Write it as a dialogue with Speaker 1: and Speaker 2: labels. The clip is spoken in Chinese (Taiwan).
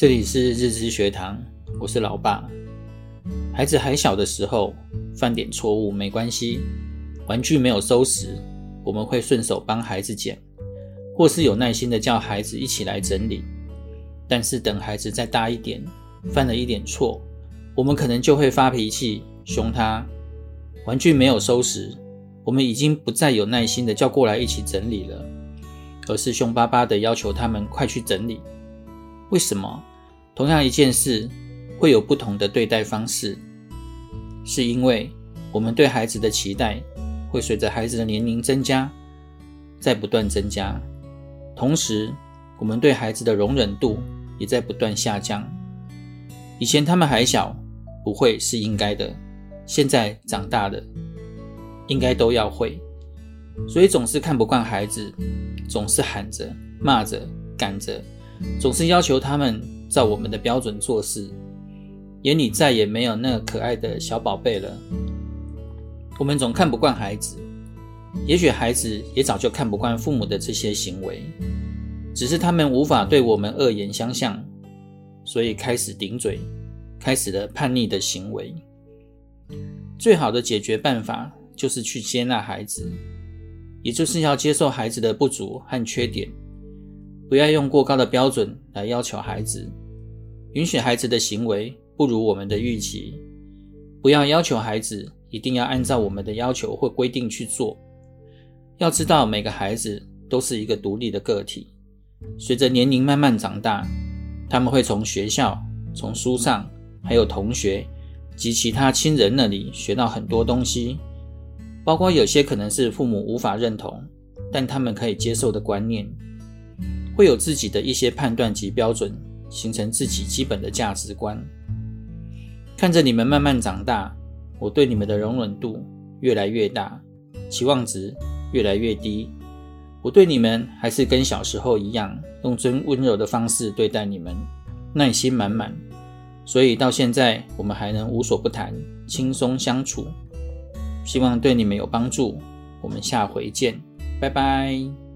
Speaker 1: 這裡是日知學堂，我是老爸。孩子還小的時候，犯點錯誤沒關係，玩具沒有收拾，我們會順手幫孩子撿，或是有耐心的叫孩子一起來整理。但是等孩子再大一點，犯了一點錯，我們可能就會發脾氣，凶他。玩具沒有收拾，我們已經不再有耐心的叫過來一起整理了，而是凶巴巴的要求他們快去整理。為什麼？同樣一件事，會有不同的對待方式，是因為我們對孩子的期待會隨着孩子的年齡增加，在不斷增加，同時我們對孩子的容忍度也在不斷下降。以前他們還小，不會是應該的，現在長大了，應該都要會，所以總是看不慣孩子，總是喊着、罵着、趕着，總是要求他們。照我們的標準做事，眼裡再也沒有那可愛的小寶貝了。我們總看不慣孩子，也許孩子也早就看不慣父母的這些行為，只是他們無法對我們惡言相向，所以開始頂嘴，開始了叛逆的行為。最好的解決辦法就是去接納孩子，也就是要接受孩子的不足和缺點，不要用過高的標準來要求孩子。允許孩子的行為不如我們的預期，不要要求孩子一定要按照我們的要求或規定去做。要知道，每個孩子都是一個獨立的個體。隨着年齡慢慢長大，他們會從學校、從書上、還有同學及其他親人那裡學到很多東西，包括有些可能是父母無法認同，但他們可以接受的觀念，會有自己的一些判斷及標準。形成自己基本的價值觀。看着你們慢慢長大，我對你們的容忍度越來越大，期望值越來越低。我對你們還是跟小時候一樣，用最溫柔的方式對待你們，耐心滿滿。所以到現在，我們還能無所不談，輕鬆相處。希望對你們有幫助。我們下回見，拜拜。